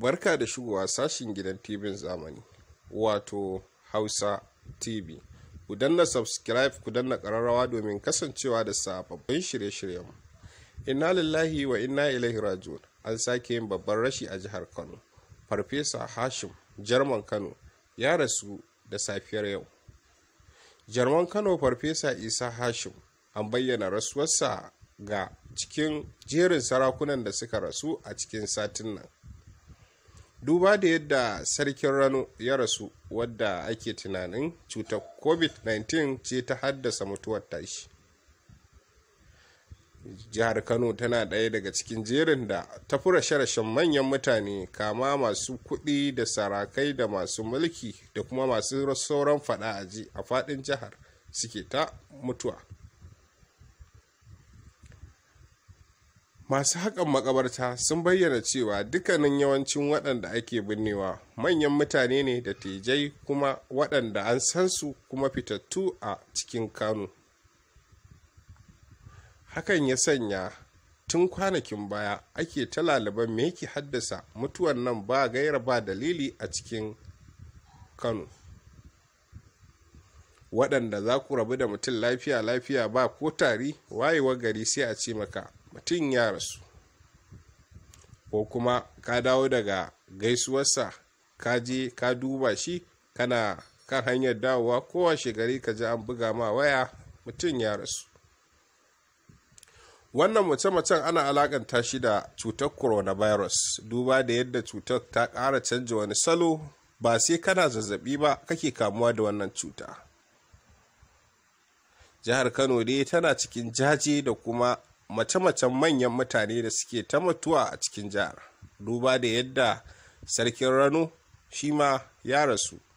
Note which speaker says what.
Speaker 1: barka da shigowa sashin gidan tv zamani wato hausa tv ku danna subscribe ku danna kararrawa domin kasancewa da sababbin shirye-shiryen inna lillahi wa inna ilaihi rajiun an sake yin babban rashi a jihar kano farfesa hashim jarman kano ya rasu da safiyar yau jarman kano farfesa isa hashim an bayyana rasuwarsa ga cikin jerin sarakunan da suka rasu a cikin satin nan duba da yadda sarkin rano ya rasu wadda ake tunanin cutar covid-19 ce ta haddasa mutuwar tashi jihar kano tana ɗaya daga cikin jerin da ta fi rashe-rashen manyan mutane kama masu kuɗi da sarakai da masu mulki da kuma masu sauran faɗa ji a faɗin jihar suke ta mutuwa masu haƙan makabarta sun bayyana cewa dukkanin yawancin waɗanda ake binnewa manyan mutane ne da tejai kuma waɗanda an san su kuma fitattu a cikin kano hakan ya sanya tun kwanakin baya ake ta laliban me yake haddasa mutuwan nan ba gaira ba dalili a cikin kano waɗanda za ku rabu da mutum lafiya lafiya ba ko tari wayewar gari sai a ce maka mutum ya rasu ko kuma ka dawo daga gaisuwarsa ka je ka duba shi kana kan hanyar dawowa kowa shegari ka ji an buga ma waya mutum ya rasu wannan mace-macen ana alakanta shi da cutar coronavirus duba da yadda cutar ta ƙara canja wani salo ba sai kana zazzabi ba kake kamuwa da wannan cuta jihar kano dai tana cikin jaje da kuma mace-macen manyan mutane da suke ta mutuwa a cikin jihar duba da yadda sarkin rano shi ma ya rasu